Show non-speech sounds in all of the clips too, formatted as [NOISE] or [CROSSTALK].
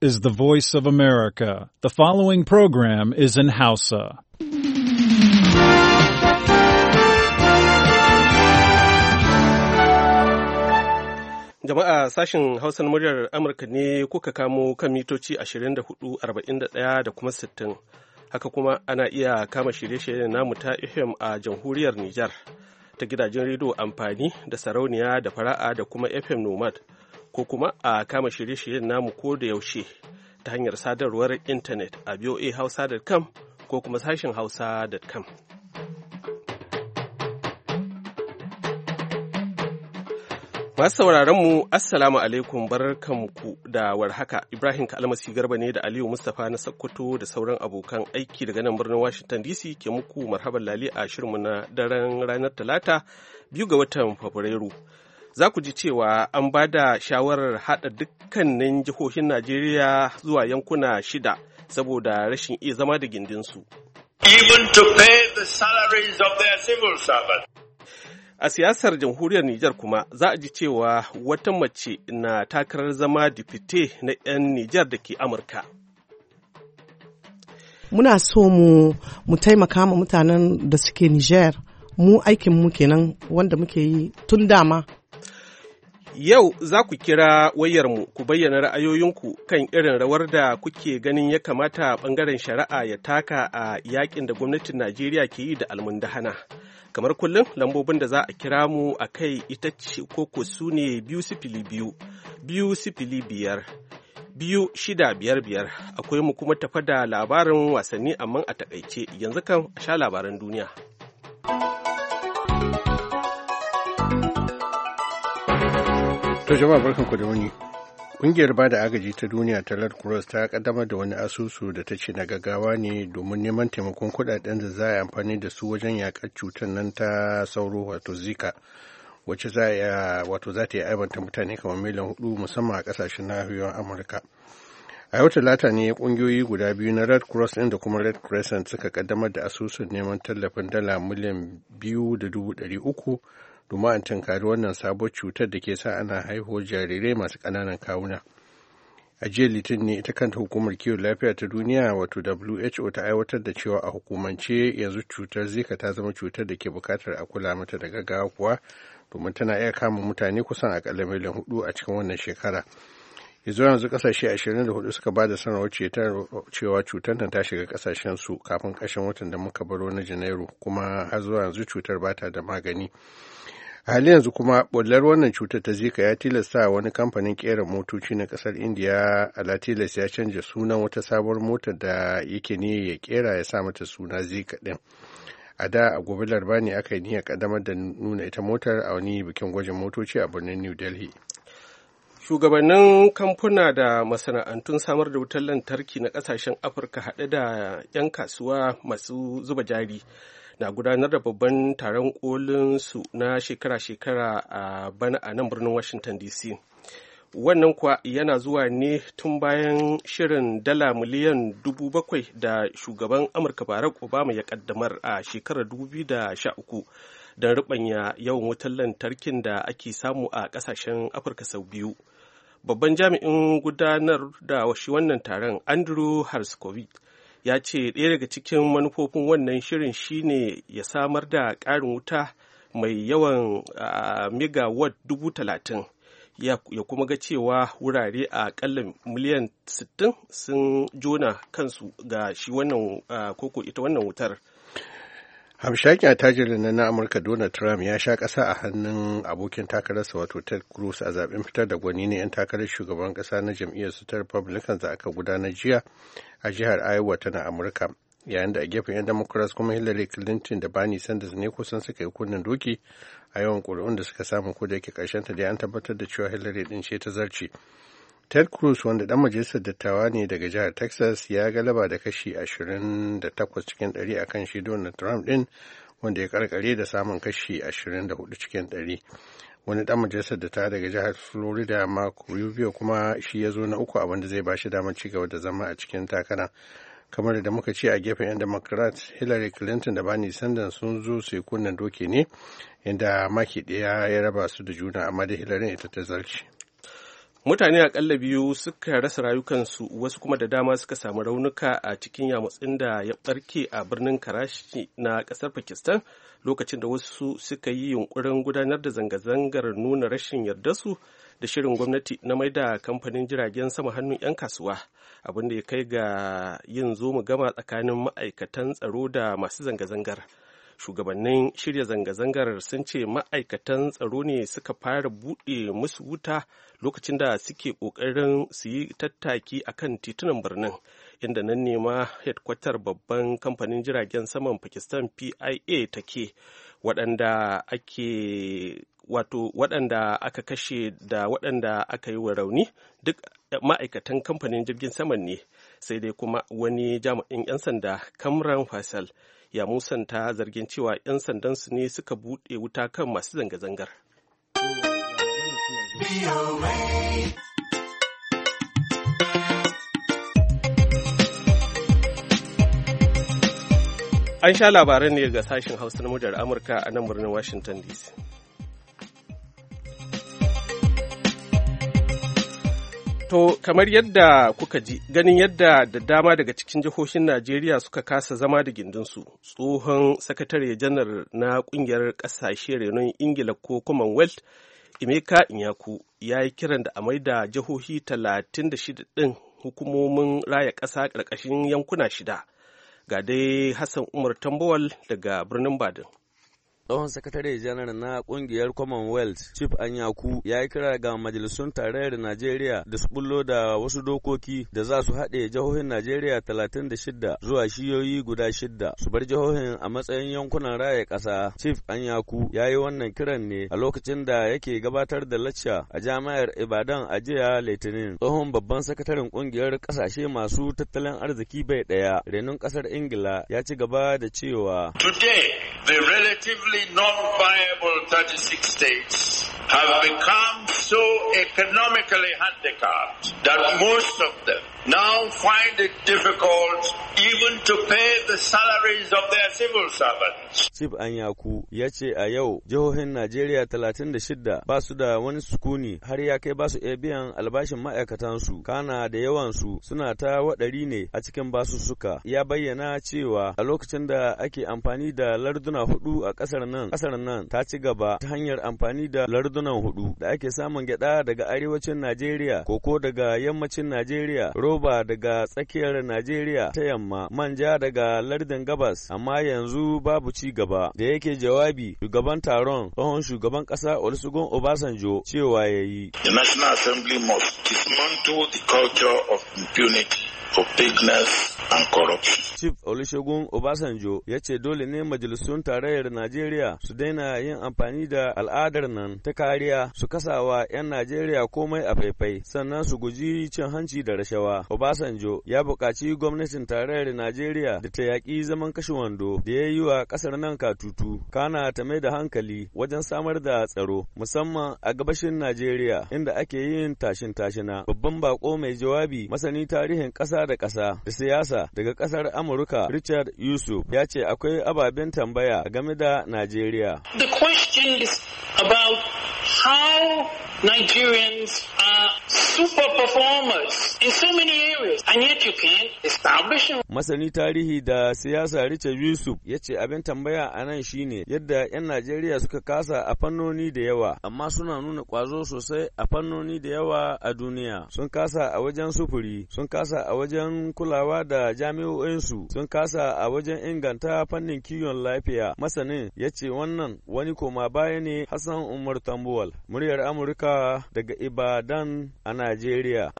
is the voice of America. The following program is in Hausa. Jama'a sashen Hausa na muryar Amurka ne kuka kamo kan mitoci 24,41 da kuma 60. Haka kuma ana iya kama shirye shirye namu ta FM a jamhuriyar Nijar ta gidajen rediyo amfani da sarauniya da fara'a da kuma FM Nomad. ko kuma a kama shirye-shiryen namu ko da yaushe ta hanyar sadarwar intanet a voahausa.com ko kuma sashen hausa.com. Masu sauraron mu Assalamu alaikum barkanku da warhaka Ibrahim Kalmasi Garba ne da Aliyu Mustapha na sakkwato da sauran abokan aiki daga nan birnin Washington DC ke muku marhaban lali a shirinmu na daren ranar Talata biyu ga watan Fabrairu. za ku ji cewa an ba da shawarar haɗa dukkanin jihohin Najeriya zuwa yankuna shida saboda rashin iya zama da gindinsu. A siyasar jamhuriyar Nijar kuma za a ji cewa wata mace na takarar zama dipite na 'yan Nijar da ke Amurka. Muna so mu mu taimaka ma mutanen da suke Nijar mu aikin mu kenan wanda muke yi tun dama Yau za ku kira wayarmu ku bayyana ra'ayoyinku kan irin rawar da kuke ganin ya kamata ɓangaren shari'a ya taka a yakin da gwamnatin Najeriya ke yi da almundahana. Kamar kullum lambobin da za a kira mu a kai ita ce koko su ne biyu sifili biyu, biyu sifili biyar, biyu shida biyar biyar. Akwai mu kuma tafa da labarin wasanni amma a takaice yanzu kan a sha labaran duniya. To jama'a barkanku da wani. kungiyar ba da agaji ta duniya ta Red Cross ta kaddamar da wani asusu da ta ce na gaggawa ne domin neman taimakon kudaden da za a yi amfani da su wajen yakar cutar nan ta sauro wato Zika. Wacce za a wato za ta yi aibanta mutane kamar miliyan hudu musamman a kasashen nahiyar Amurka. A yau Talata ne ƙungiyoyi guda biyu na Red Cross ɗin da kuma Red Crescent suka kaddamar da asusun neman tallafin dala miliyan biyu da dubu ɗari uku domin an tankari wannan sabuwar cutar da ke sa ana haihuwar jarirai masu ƙananan kawuna. a jiya litinin ne ita kanta hukumar kiwon lafiya ta duniya wato who ta aiwatar da cewa a hukumance yanzu cutar zika ta zama cutar da ke bukatar a kula mata da gaggawa kuwa domin tana iya kama mutane kusan akalla miliyan hudu a cikin wannan shekara yanzu yanzu kasashe 24 suka ba da sanarwar cewa cutar nan ta shiga kasashen su kafin kashin watan da muka baro na janairu kuma har zuwa yanzu cutar bata da magani a halin yanzu kuma bullar wannan cutar ta zika ya tilasta wani kamfanin kera motoci na kasar indiya alatilas ya canja sunan wata sabuwar motar da yake ne ya kera ya sa mata suna zika din a da a gobe larba ne aka yi niyyar kaddamar da nuna ita motar a wani bikin gwajin motoci a birnin new delhi shugabannin kamfuna da masana'antun samar da wutar lantarki na kasashen afirka haɗe da 'yan kasuwa masu zuba jari na gudanar da babban taron kolinsu na shekara-shekara a bana a nan birnin washington dc wannan kuwa yana zuwa ne tun bayan shirin dala miliyan dubu bakwai da shugaban amurka barack obama ya kaddamar a shekarar 2013 don rubanya yawan wutar lantarkin da ake samu a kasashen afirka sau biyu babban jami'in gudanar da washi wannan taron andrew harskovit ya ce ɗaya daga cikin manufofin wannan shirin shine ya samar da ƙarin wuta mai yawan ah, megawatt dubu talatin ya kuma ga cewa wurare a ƙalla miliyan 60 sun jona kansu ga shi wannan ah, koko ita wannan wutar hamshakin attajirin na amurka donald trump ya sha kasa a hannun abokin takararsa wato ted cruz a zaben fitar da gwani na 'yan takarar shugaban kasa na jam'iyyar su ta Republican za aka gudanar jiya a jihar iowa na amurka yayin da a gefen 'yan democrats kuma hillary clinton da bernie sanders ne kusan suka yi kunnen doki a yawan ƙuri'un da suka samu ko da yake ƙarshen ta da an tabbatar da cewa hillary din ce ta zarce ted cruz wanda dan majalisar dattawa ne daga jihar texas ya galaba da kashi 28 cikin 100 akan shi donald trump din wanda ya karkare da samun kashi 24 cikin 100 wani dan majalisar dattawa daga jihar florida ma rubio kuma shi ya zo na uku abinda zai ba shi damar cigaba da zama a cikin takara kamar da muka ce a gefen 'yan democrat hillary clinton da bani sanders sun zo su yi kunnen doki ne inda maki ɗaya ya raba su da juna amma da hillary ita ta zarci. mutane akalla biyu suka rasa rayukansu wasu kuma da dama suka samu raunuka a cikin yamutsin da ya barke a birnin karashi na kasar pakistan lokacin da wasu suka yi yunkurin gudanar da zanga-zangar nuna rashin yarda su da shirin gwamnati na mai da kamfanin jiragen sama hannun 'yan kasuwa abinda ya kai ga yin zo mu gama tsakanin ma'aikatan tsaro da masu zanga-zangar. shugabannin shirya zanga-zangar sun ce ma'aikatan tsaro ne suka fara buɗe musu wuta lokacin da suke ƙoƙarin su yi tattaki a kan titunan birnin inda nan nema ma hedkwatar babban kamfanin jiragen saman pakistan pia take waɗanda ake wato waɗanda aka kashe da waɗanda aka yi wa rauni duk ma'aikatan kamfanin jirgin saman ne sai dai kuma wani jami'in 'yan sanda kamran fasal ya musanta zargin cewa 'yan sandansu ne suka buɗe wuta kan masu zanga-zangar. An sha labaran ne ga sashen Hausa na Mujar Amurka a nan birnin Washington DC. To, kamar yadda kuka ji, ganin yadda da dama daga cikin jihohin Najeriya suka kasa zama da gindinsu, tsohon sakatare janar na kungiyar ƙasashe renon Ingila ko Commonwealth, Emeka Inyaku, ya yi kiran da a maida jihohi talatin da shida ɗin hukumomin raya ƙasa ƙarƙashin yankuna shida. Ga dai Hassan Umar Tambawal daga birnin Badin. tsohon sakatare janar na kungiyar commonwealth chief anyaku ya yi kira ga majalisun tarayyar najeriya da su bullo da wasu dokoki da za su haɗe jihohin najeriya 36 zuwa shiyoyi guda shida su bar jihohin a matsayin yankunan raya ƙasa chief anyaku ya yi wannan kiran ne a lokacin da yake gabatar da lacca a jami'ar ibadan a jiya litinin tsohon babban sakataren kungiyar ƙasashe masu tattalin arziki bai ɗaya renon ƙasar ingila ya ci gaba da cewa today the relatively The non-viable 36 states have become so economically handicapped that most of them now find it difficult even to pay the salaries of their civil servants. Chief Anyaku ya ce a yau jihohin Najeriya 36 ba su da wani sukuni har ya kai ba su iya biyan albashin ma'aikatansu kana da yawansu suna ta waɗari ne a cikin suka. Ya bayyana cewa a lokacin da ake amfani da larduna hudu a ƙasar nan, ƙasar nan ta ci gaba ta hanyar amfani da lardunan hudu da ake samun gyada daga arewacin Najeriya koko daga yammacin Najeriya roba roba daga tsakiyar Najeriya ta yamma, manja daga lardin gabas, amma yanzu babu ci gaba. Da yake jawabi shugaban taron tsohon shugaban ƙasa Olusegun Obasanjo cewa ya yi. The National Assembly must dismantle the culture of impunity opacness and corruption. Chief Olusegun Obasanjo ya ce dole ne majalisun tarayyar Najeriya su daina yin amfani da al'adar nan ta kariya su kasawa 'yan Najeriya komai a faifai sannan su guji cin hanci da rashawa. Obasanjo ya buƙaci gwamnatin tarayyar Najeriya da ta yaƙi zaman kashe wando da ya yi wa ƙasar nan katutu. Kana ta mai da hankali wajen samar da tsaro musamman a gabashin Najeriya inda ake yin tashin tashina. Babban bako mai jawabi masani tarihin ƙasa ƙasa da ƙasa da siyasa daga ƙasar Amurka Richard Yusuf ya ce akwai ababen tambaya game da Najeriya. The question is about how Nigerians are super performers in so many areas and yet you can establish Masani tarihi da siyasa Richard Yusuf ya ce abin tambaya a nan shine yadda 'yan Najeriya suka kasa a fannoni da yawa amma suna nuna kwazo sosai a fannoni da yawa a duniya sun kasa a wajen sufuri sun kasa a wajen kulawa da jami'o'insu sun kasa a wajen inganta fannin kiwon lafiya masanin ya ce wannan wani koma baya ne Hassan Umar Tambuwal muryar Amurka daga Ibadan a Najeriya.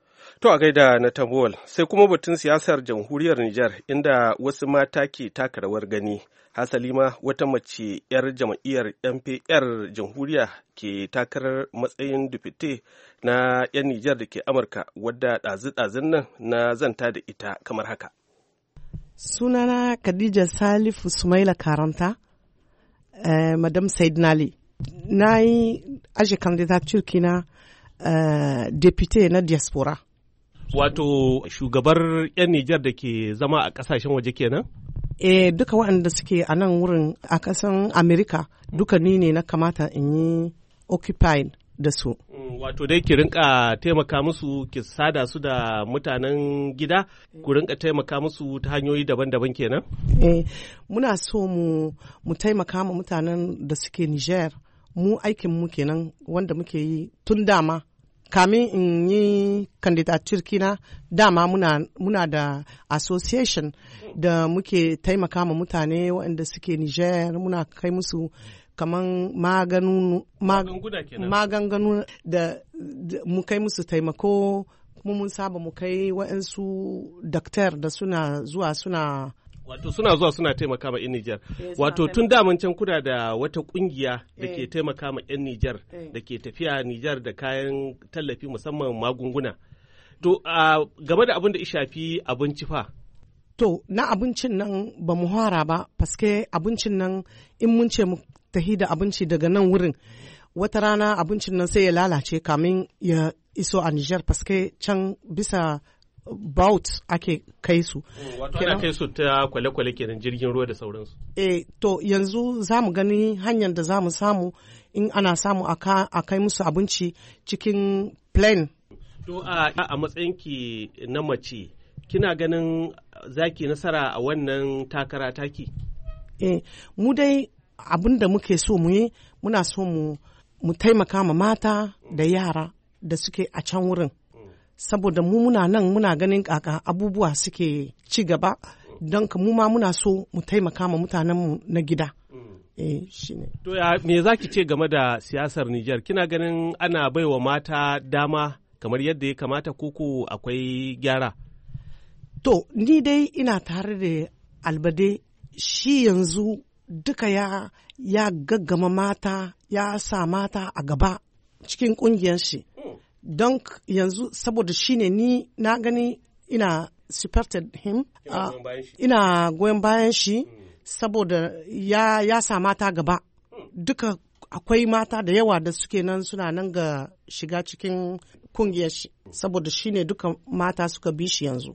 To a gaida na Tambol sai kuma batun siyasar jamhuriyar Nijar inda wasu mata ke taka rawar gani. Hasalima wata mace 'yar jam'iyyar MPR jamhuriya ke takarar matsayin dufite na 'yan Nijar da ke Amurka wadda ɗazu-ɗazun nan na zanta da ita kamar haka. Sunana Khadija Salifu Sumaila Karanta, eh, Madam Said Nali. Na yi ashe kandida kina Eh, Depute na diaspora wato shugabar 'yan nijar da ke zama a kasashen waje kenan e duka waɗanda suke a nan wurin a ƙasan amerika duka ni ne na kamata in yi occupied da su mm, wato dai ki rinka taimaka musu ki sada su da mutanen gida ku rinka taimaka musu ta hanyoyi daban-daban kenan eh muna so mu taimaka ma mutanen da suke Nijar. mu aikin mu kenan wanda muke yi tun dama kamin in yi candidature kina dama muna, muna da association da muke taimaka ma mutane waɗanda suke Niger muna kai musu kaman maganganu da, da mu kai musu taimako kuma mun saba mu kai waɗansu daktar da suna zuwa suna Wato suna zuwa suna taimaka ma 'yan Nijar. Eh, Wato tun daman can kuna da wata kungiya da ke eh. taimaka ma 'yan Nijar eh. da ke tafiya Nijar da kayan tallafi musamman magunguna. To game da abin da shafi abinci fa. To na abincin nan ba mu hara ba, paske abincin nan in mun ce mu tahi da abinci daga nan wurin. Wata rana abincin nan sai ya lalace kamin ya iso a Nijar paske can bisa bout ake kai su. Wato ana kai su ta kwale-kwale kenan jirgin ruwa da sauransu. Eh to yanzu za mu gani hanyar da za mu samu in ana samu a kai musu abinci cikin plane. To a matsayinki na mace kina ganin zaki nasara a wannan takara taki? Eh mu dai abin da muke so mu yi muna so mu taimaka ma mata da yara da suke a can wurin. saboda mu muna nan muna ganin kaka abubuwa suke ci gaba don ka mu ma muna so mu taimaka ma mutanenmu na gida. Mm. Eh, to ya me za ki ce game da siyasar Nijar? Kina ganin ana baiwa mata dama kamar yadda ya kamata koko akwai gyara? To, ni dai ina tare da albade shi yanzu duka ya, ya gaggama mata ya sa mata a gaba cikin ƙungiyar shi. Mm. don yanzu saboda shine ni na gani ina supported him ina ah, goyon bayan shi hmm. saboda ya, sa mata gaba hmm. duka akwai mata da yawa da suke nan suna nan ga shiga cikin kungiyar shi saboda shine duka mata suka bi shi yanzu.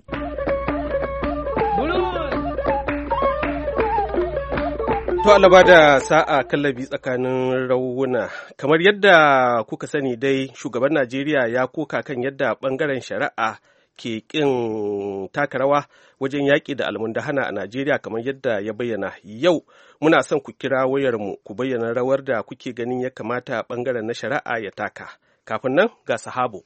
To alaba da sa'a kallabi tsakanin rawuna. Kamar yadda kuka sani dai shugaban Najeriya ya koka kan yadda bangaren shari'a ke kin taka rawa wajen yaƙi da almundahana a Najeriya kamar yadda ya bayyana. Yau muna son ku kira wayarmu ku bayyana rawar da kuke ganin ya kamata bangaren na shari'a ya taka. Kafin nan ga sahabo.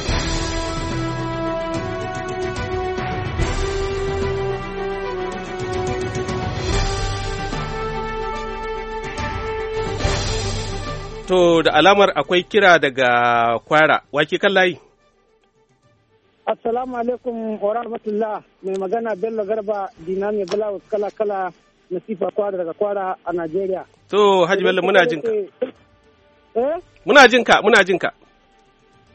To da alamar akwai kira daga kwara, wake kan layi. Assalamu alaikum wa rahmatullah mai magana Bello Garba Dinami Bulawus kala kala nasifa kwara daga kwara a Najeriya. To Hajji Bello muna jin ka. Eh? Muna jin ka, muna jin ka.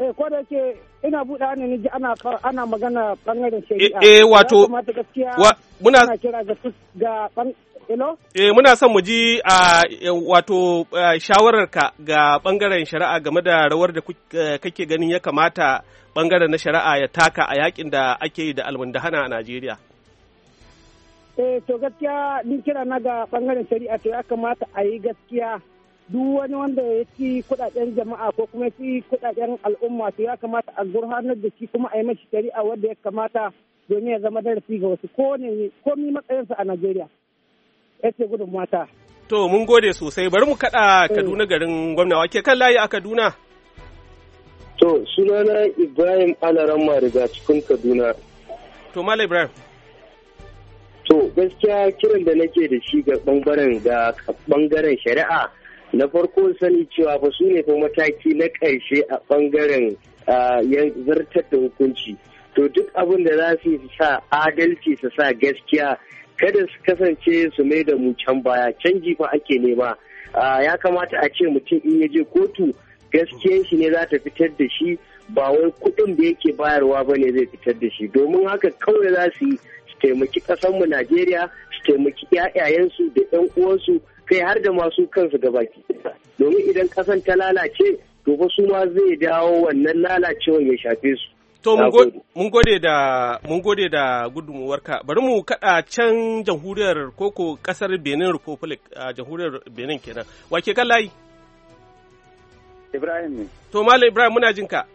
Eh ko da yake ina buɗa ne ni ana ana magana bangaren shari'a. Eh, eh wato muna kira ga ga Eh muna son mu ji a eh, wato shawararka ga bangaren shari'a game da rawar da eh, kake ganin ya kamata bangaren na shari'a ya taka a yakin da ake yi da almundahana a Najeriya. Eh to gaskiya din kira na ga bangaren shari'a to ya kamata a yi gaskiya duk wani wanda ya ci kudaden jama'a ko kuma ci kudaden al'umma to ya kamata a gurhanar da shi kuma a yi mashi shari'a wanda ya kamata domin ya zama darasi ga wasu ko ne komi matsayinsa a Najeriya. yake gudun mata. To mun gode sosai bari mu kaɗa eh. Kaduna garin gwamna wake kan layi a Kaduna. To sunana Ibrahim Alarama Mariga cikin Kaduna. To Mala Ibrahim. To gaskiya kiran da nake da shi ga ɓangaren ga ɓangaren shari'a na farko sani cewa fa su ne fa mataki na ƙarshe a ɓangaren ya zartar da hukunci. To duk abin da za su sa adalci su sa gaskiya kada su kasance su mai da mu can baya canji fa ake nema ya kamata a ce mutum in ya je kotu gaskiya shi ne za ta fitar da shi ba wai kuɗin da yake bayarwa ba ne zai fitar da shi domin haka kawai za su yi su taimaki mu najeriya su taimaki 'ya'yayensu da 'yan uwansu kai har da masu kansu gabaki domin idan ƙasan ta lalace to fa su ma zai dawo wannan lalacewar ya shafe su To mun gode da mun gode da gudunmuwarka. Bari mu kada can jamhuriyar koko kasar Benin Republic a jamhuriyar Benin kenan. Wake kan layi? Ibrahim ne. To Malam Ibrahim muna jin ka.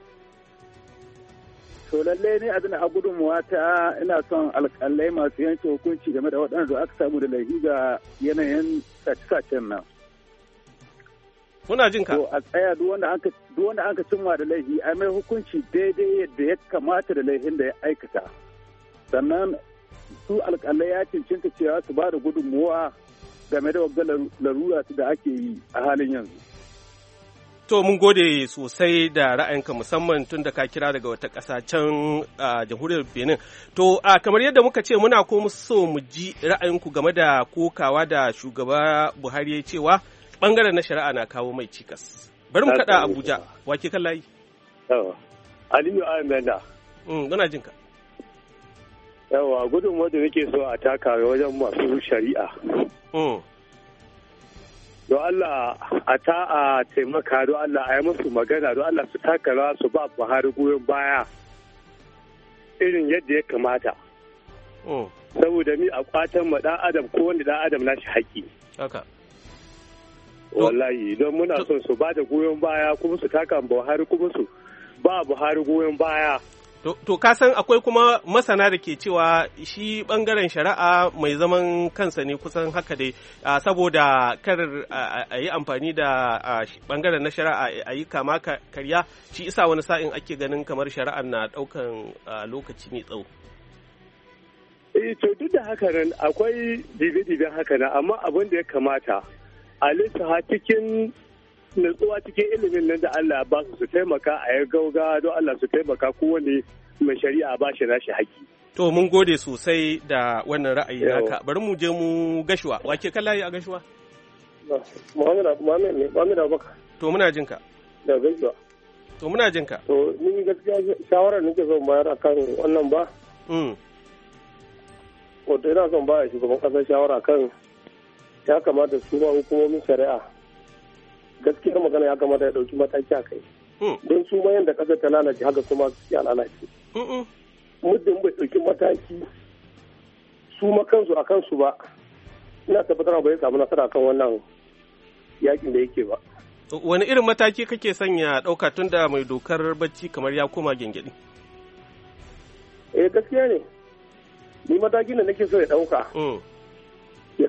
To lalle ne abin a gudunmuwa ta ina son alƙalai masu yanke hukunci game da waɗanda aka samu da laifi ga yanayin sace-sacen nan. Muna jin ka. a tsaya duk wanda aka cimma da laifi ai mai hukunci daidai yadda ya kamata da laifin da ya aikata. Sannan su alƙalai ya cancanta cewa su ba da gudunmuwa game da wagga larura da ake yi a halin yanzu. To mun gode sosai da ra'ayinka musamman tun da ka kira daga wata ƙasa can a jamhuriyar Benin. To a kamar yadda muka ce muna ko so mu ji ra'ayinku game da kokawa da shugaba Buhari ya cewa bangaren na shari'a na kawo mai cikas bari mu kada abuja wake kan layi aliyu amanda mm, muna jin ka yawa gudun wanda nake so a taka wajen masu shari'a mm. Do' Allah a ta a taimaka do' Allah a yi musu magana do' Allah su taka rawa su ba Buhari goyon baya irin yadda ya kamata. Mm. Saboda ni a kwatan ma dan Adam ko wanda dan Adam nashi haƙƙi. wallahi don muna son su ba da goyon baya kuma su taka buhari kuma su ba buhari goyon baya To, ka san akwai kuma masana da ke cewa shi bangaren shari'a mai zaman kansa ne kusan haka dai, saboda kar a yi amfani da bangaren na shari'a a yi kama karya, shi isa wani sa'in ake ganin kamar shari'a na ɗaukan lokaci mai tsawo. E, to duk da haka nan akwai dibe dibe haka nan, amma abin da ya kamata ha cikin nutsuwa cikin ilimin nan da Allah ba su su taimaka a yi gauga don Allah su taimaka kowane mai shari'a ba shi nashi haƙƙi. To mun gode sosai da wannan ra'ayi naka bari mu je mu gashuwa wake kallaye a gashuwa. Muhammad Abubakar. To muna jinka. Da gashuwa. To muna jinka. To ni gaskiya shawarar nake son bayar akan wannan ba. Mm. Wato ina son bayar shugaban kasar shawara kan ya kamata su ma hukumomin shari'a gaskiyar magana ya kamata ya dauki mataki a kai hmm. don su ma yadda kasar ta lalace haka su ma su lalace muddin bai dauki mataki su ma kansu a kansu ba ina tabbatar ba ya samu nasara kan wannan yakin da yake ba wani irin mataki kake sanya ɗauka tun da mai dokar bacci kamar ya koma gengedi eh gaskiya ne ni mataki da nake so ya ɗauka hmm. ya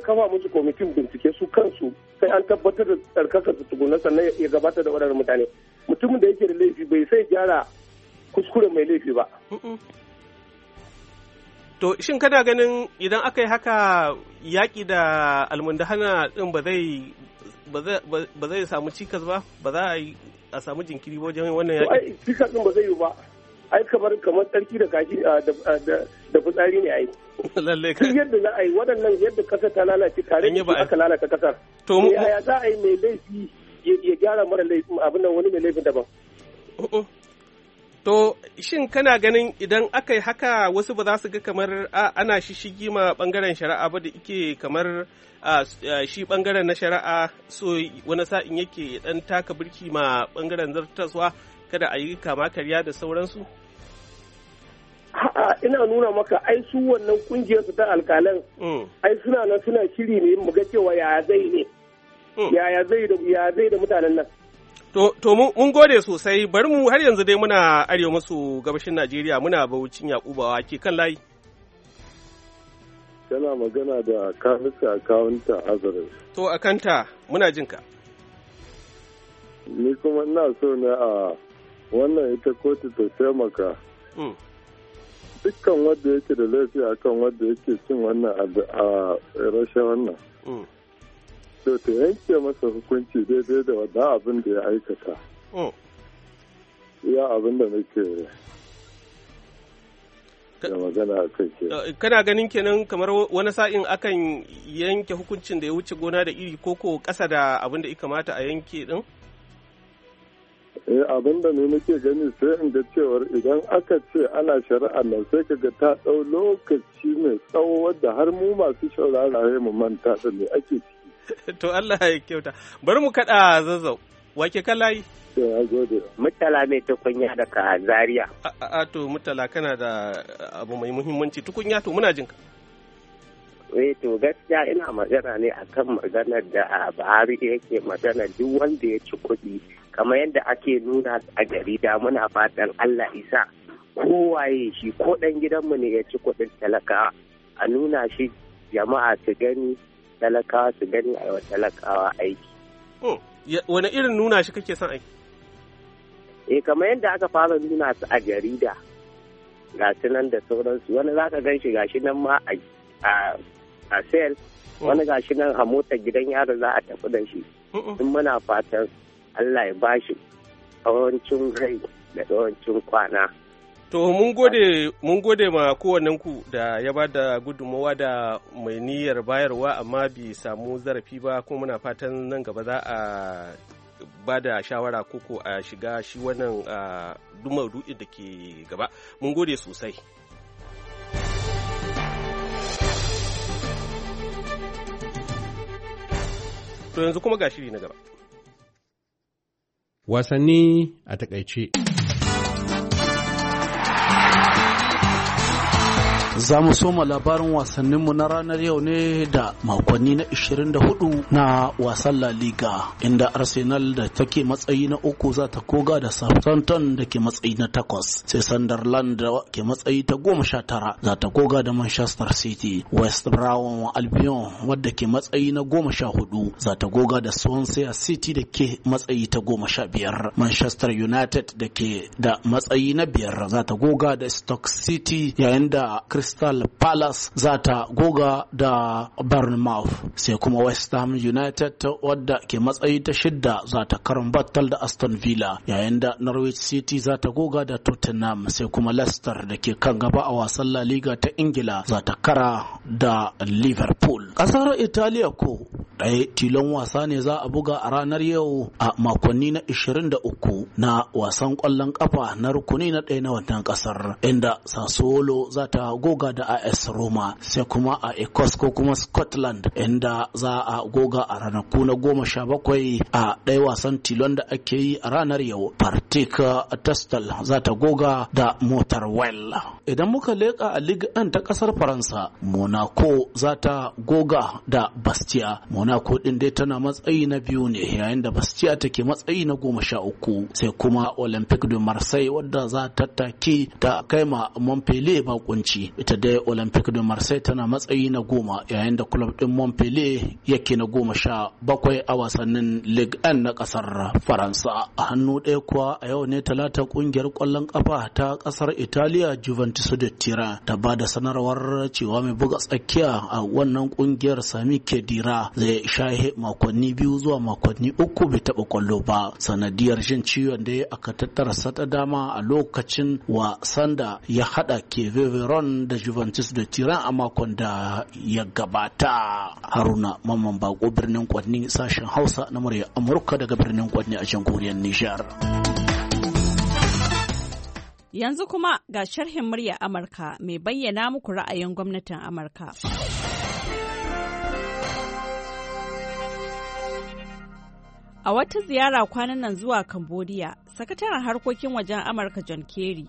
kafa musu kwamitin bincike su kansu sai an tabbatar da tsarkakar su tukuna sannan ya gabata da waɗannan mutane mutumin da yake da laifi bai sai gyara kuskure mai laifi ba to shin kana ganin idan aka yi haka yaƙi da almundahana ɗin ba zai samu cikas ba ba za a samu jinkiri wajen wannan yaƙi ɗin ba zai ba ai kamar kamar tsarki da kashi ah, ah, da fitsari ne ai lalle kai yadda za a yi waɗannan yadda kasa ta lalace tare da aka lalata kasar to mu eh, ya za a yi mai laifi ya gyara mara laifin abin nan wani mai laifin daban oh, oh. To, shin kana ganin idan aka yi haka wasu ba za su ga kamar ana shishigi ma bangaren shari'a ba da ike kamar shi bangaren na shari'a so wani sa'in yake dan taka birki ma bangaren zartaswa kada a yi kama karya da sauransu? A'a ina nuna maka ai su wannan kungiyar su ta alkalan mm. ai suna nan suna shiri ne mu ga cewa yaya zai ne. Mm. Yaya zai da ya zai da mutanen nan. To, mun gode sosai bari mu har yanzu dai muna arewa masu gabashin Najeriya muna baucin Yakubawa ke kan layi. Kana magana da kamisa akawunta azurin. To akanta muna jinka. Ni kuma ina so na a wannan ita kotu ta taimaka. Mm. dukkan wanda yake da laifi a kan wanda yake cin wannan a rashe wannan mm. to ta yanke masa hukunci daidai da wadda abin da ya aikata mm. ya abin da nake da magana a kai ke eh, kana ganin kenan kamar wani sa'in akan yanke hukuncin da ya wuce gona da iri koko kasa da abin da ya kamata a yanke din? Eh, abin da ne nake gani sai in ga cewar idan aka ce ana shari'a nan sai ka ga ta ɗau lokaci mai tsawo wadda har mu masu shaurara mu manta da me ake ciki. [LAUGHS] To Allah ya kyauta. Bari mu kaɗa zazzau. Wake kalayi? Mutala mai tukunya daga Zaria. A to mutala kana da abu mai muhimmanci tukunya to muna jinka. eh to gaskiya ina magana ne akan maganar da bahari yake magana duk wanda ya ci kuɗi kamar yadda ake nuna a jarida muna fatan Allah isa kowaye shi ko ɗan gidanmu ne ya ci kuɗin talakawa a nuna shi jama'a su gani talakawa su gani a talakawa aiki. Wane irin nuna shi kake son aiki? Eh kamar yadda aka fara nuna su a jarida ga su nan da sauransu wani za ka gan shi shi nan ma a sel oh. wani shi nan a motar gidan yaro za a tafi da shi. In muna fatan Allah ya bashi tsawancin rai da tsawancin kwana. To mun gode mun gode ma kowannen ku da ya ba da gudunmawa da mai niyyar bayarwa amma bai samu zarafi ba kuma muna fatan nan gaba za a ba da shawara koko a shiga shi wannan duma da ke gaba. Mun gode sosai. To yanzu kuma ga shiri na gaba. Wasanni a takaice. za mu soma labarin wasanninmu na ranar yau ne da makonni na 24 na wasan La Liga inda Arsenal da take matsayi na uku za ta koga da Southampton da ke matsayi na takwas sai Sunderland da ke matsayi ta goma sha tara za ta koga da Manchester City West Brom Albion wadda ke matsayi na goma sha hudu za ta goga da Swansea City da ke matsayi ta goma sha biyar Manchester United da ke da matsayi na biyar za ta goga da Stoke City yayin da Chris crystal palace za ta goga da bournemouth sai kuma west ham united wadda ke matsayi ta shidda za ta karin battal da aston villa yayin da norwich city za ta goga da tottenham sai kuma leicester da ke kan gaba a wasan la liga ta ingila za ta kara da liverpool Kasar italiya ko ɗaya tilon wasa ne za a buga a ranar yau a makonni na 23 na wasan ƙwallon ƙafa na rukuni na ɗaya na wannan ƙasar inda sassuolo za ta goga goga da AS Roma sai kuma a Ecos ko kuma Scotland inda za a goga a ranaku na goma sha bakwai a ɗaya wasan tilon da ake yi a ranar yau. Partik Testal za ta goga da motar Well. Idan muka leƙa a Ligue 1 ta ƙasar Faransa, Monaco za ta goga da Bastia. Monaco ɗin dai tana matsayi na biyu ne yayin da Bastia take matsayi na goma sha uku sai kuma Olympique de Marseille wadda za ta taki ta kai ma Montpellier bakunci ita dai olympic de marseille tana matsayi na goma yayin da club din montpellier yake na goma sha bakwai a wasannin ligue 1 na kasar faransa a hannu ɗaya kuwa a yau ne talata kungiyar kwallon kafa ta kasar italiya juventus de tira ta ba da sanarwar cewa mai buga tsakiya a wannan kungiyar sami kedira zai shahe makonni biyu zuwa makonni uku bai taɓa kwallo ba sanadiyar jin ciwon da aka tattara sata dama a lokacin wasan da ya haɗa ke veveron da da Juventus da Tiran a makon da ya gabata. Haruna Mamman Bako birnin Kwanni sashen Hausa na murya Amurka daga birnin Kwanni a jamhuriyar Nijar. Yanzu kuma ga sharhin murya Amurka mai bayyana muku ra'ayin gwamnatin Amurka. A wata ziyara kwanan nan zuwa Cambodia, sakataren harkokin wajen Amurka John Kerry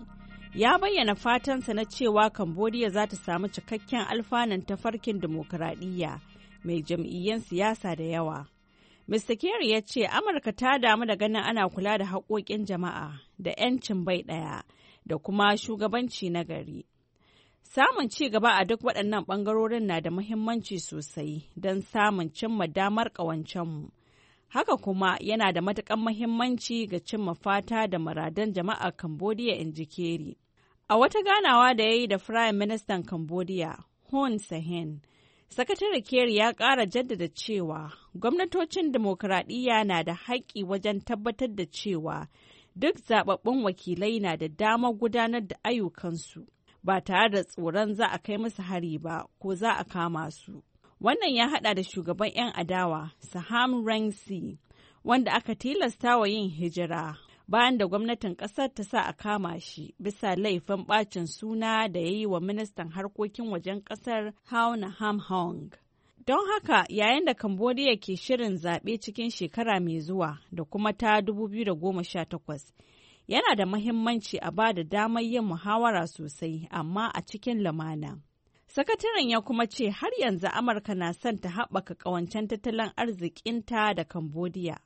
ya bayyana fatansa na cewa cambodia za ta samu cikakken alfanan tafarkin dimokuraɗiyya mai jam'iyyan siyasa da yawa mr kerry ya ce amurka ta damu da ganin ana kula da haƙoƙin jama'a da 'yancin bai ɗaya da kuma shugabanci na gari samun ci gaba a duk waɗannan ɓangarorin na da muhimmanci sosai don samun cimma damar ƙawancenmu haka kuma yana da matuƙan muhimmanci ga cimma fata da muradan jama'a cambodia in ji keri A wata ganawa da ya yi da Firayim Ministan Cambodia, Hun Sen, Sakatare Kerry ya ƙara jaddada cewa gwamnatocin demokuraɗiyya na da haƙƙi wajen tabbatar da cewa duk zaɓaɓɓun wakilai na da damar gudanar da ayyukansu ba tare da tsoron za a kai musu hari ba ko za a kama su. Wannan ya haɗa da shugaban 'yan adawa, Saham Rangsi, wanda aka tilasta wa yin hijira bayan da gwamnatin ƙasar ta sa a kama shi bisa laifin ɓacin suna da ya yi wa ministan harkokin wajen ƙasar Hauna Ham Hong. Don haka yayin da Cambodia ke shirin zaɓe cikin shekara mai zuwa da kuma ta 2018, yana da mahimmanci a ba da damar yin muhawara sosai amma a cikin lamana. Sakataren ya kuma ce har yanzu Amurka na son ta haɓaka ƙawancen tattalin arzikinta da Cambodia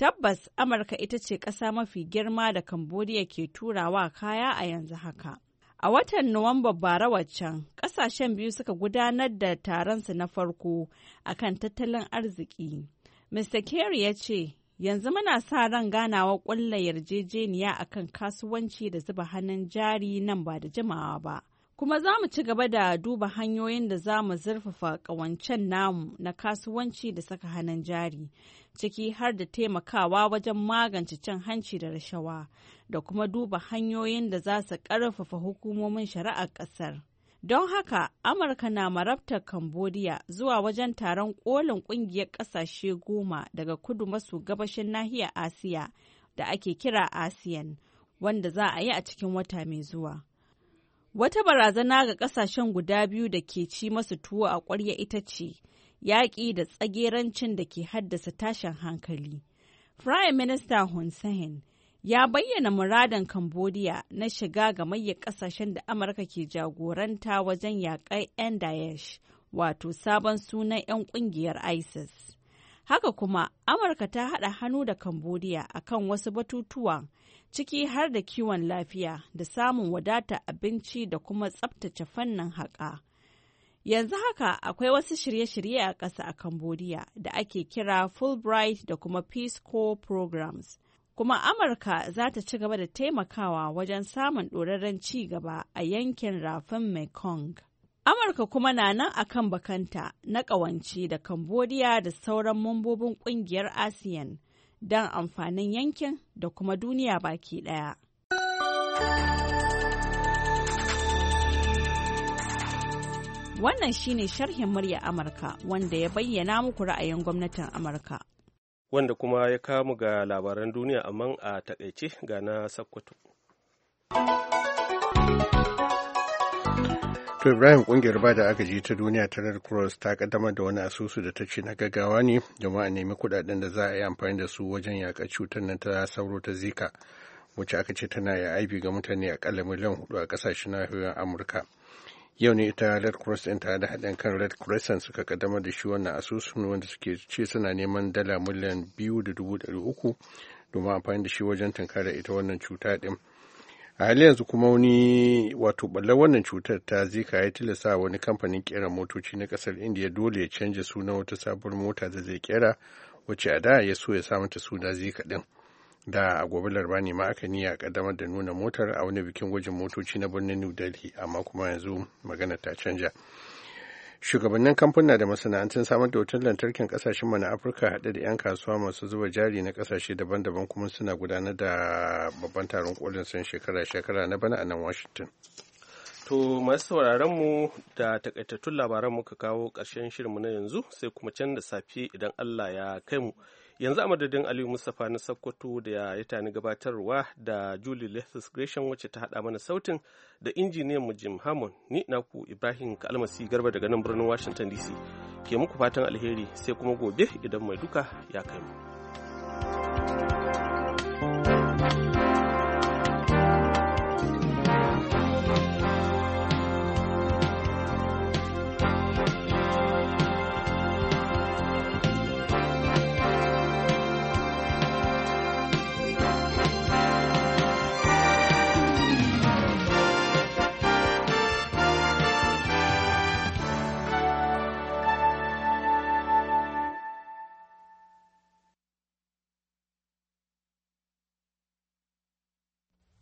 Tabbas Amurka ita ce ƙasa mafi girma da Cambodia ke turawa kaya a yanzu haka. A watan Nuwamba bara waccan, ƙasashen biyu suka gudanar da taronsu na farko akan tattalin arziki. Mr. Kerry ya ce, yanzu muna sa ran ganawa ƙulla yarjejeniya akan kasuwanci da zuba hannun jari nan ba da jimawa ba. Kuma za mu ci gaba da duba hanyoyin da za mu zurfafa ƙawancen namu na kasuwanci da saka hannun jari. ciki har da taimakawa wajen magance cin hanci da rashawa da kuma duba hanyoyin da za su ƙarfafa hukumomin shari'ar ƙasar. Don haka, Amurka na marabtar Cambodia zuwa wajen taron ƙolin ƙungiyar ƙasashe goma daga kudu maso gabashin nahiyar Asiya da ake kira ASEAN, wanda za a yi a cikin wata mai zuwa. Wata barazana ga ƙasashen guda biyu da ke ci masu tuwo a ƙwarya ita ce, yaƙi da tsagerancin da ke haddasa tashin hankali. Prime Minister Hun Sen ya bayyana muradin Cambodia na shiga ga gamayyar ƙasashen da Amurka ke jagoranta wajen yaƙar 'yan Daesh, wato sabon sunan 'yan ƙungiyar ISIS. Haka kuma, Amurka ta haɗa hannu da Cambodia akan wasu batutuwa ciki har da kiwon lafiya da samun wadata abinci da kuma tsabtace fannin haƙa. Yanzu haka akwai wasu shirye-shirye a ƙasa a Cambodia da ake kira Fulbright da kuma Peace Corps programs. Kuma Amurka za ta ci gaba da taimakawa wajen samun ɗoraren ci gaba a yankin rafin Mekong. Amurka kuma na nan a kan bakanta na ƙawance da Cambodia da sauran mambobin ƙungiyar ASEAN don amfanin yankin da kuma duniya baki ɗaya. Wannan shine sharhin murya Amurka wanda ya bayyana muku ra'ayin gwamnatin Amurka. Wanda kuma ya kamu ga labaran duniya amma a takaice ga na Sokoto. To Ibrahim kungiyar ba da aka ta duniya ta Red Cross ta kaddamar da wani asusu da ta ce na gaggawa ne jama'a nemi kuɗaɗen da za a yi amfani da su wajen yaƙar cutar nan ta sauro ta Zika wacce aka ce tana ya aibi ga mutane akalla miliyan hudu a ƙasashen nahiyar Amurka. yau ne ita red cross ɗin tare da haɗin kan red crescent suka kaddamar da shi wannan asusun wanda suke ce suna neman dala miliyan biyu da dubu ɗari uku domin amfani da shi wajen tunkara ita wannan cuta ɗin a hali yanzu kuma wani wato ɓallar wannan cutar ta zika ya tilasta wani kamfanin kera motoci na ƙasar india dole ya canja sunan wata sabuwar mota da zai kera wacce a da ya so ya sa mata suna zika ɗin da a gobe larba ne ma aka niyya kaddamar da nuna motar a wani bikin gwajin motoci na birnin new delhi amma kuma yanzu magana ta canja shugabannin kamfuna da masana'antun samar da wutar lantarkin kasashen mana afirka haɗe da 'yan kasuwa masu zuba jari na kasashe daban-daban kuma suna gudanar da babban taron kolin sun shekara-shekara na bana a nan washington To masu sauraron mu da takaitattun labaran muka kawo ƙarshen shirinmu na yanzu sai kuma can da safe idan Allah ya kai mu yanzu a madadin aliyu mustapha na sakkwato da ya tani gabatarwa da julie lethis gresham wacce ta hada mana sautin da injiniyan mu jim hammond ni naku ibrahim kalmasi garba daga nan birnin washington dc ke muku fatan alheri sai kuma gobe idan mai duka ya kai mu.